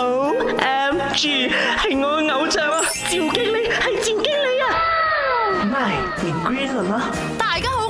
OMG，係我嘅偶像啊！趙經理係趙經理啊！My Green 啦，大家好。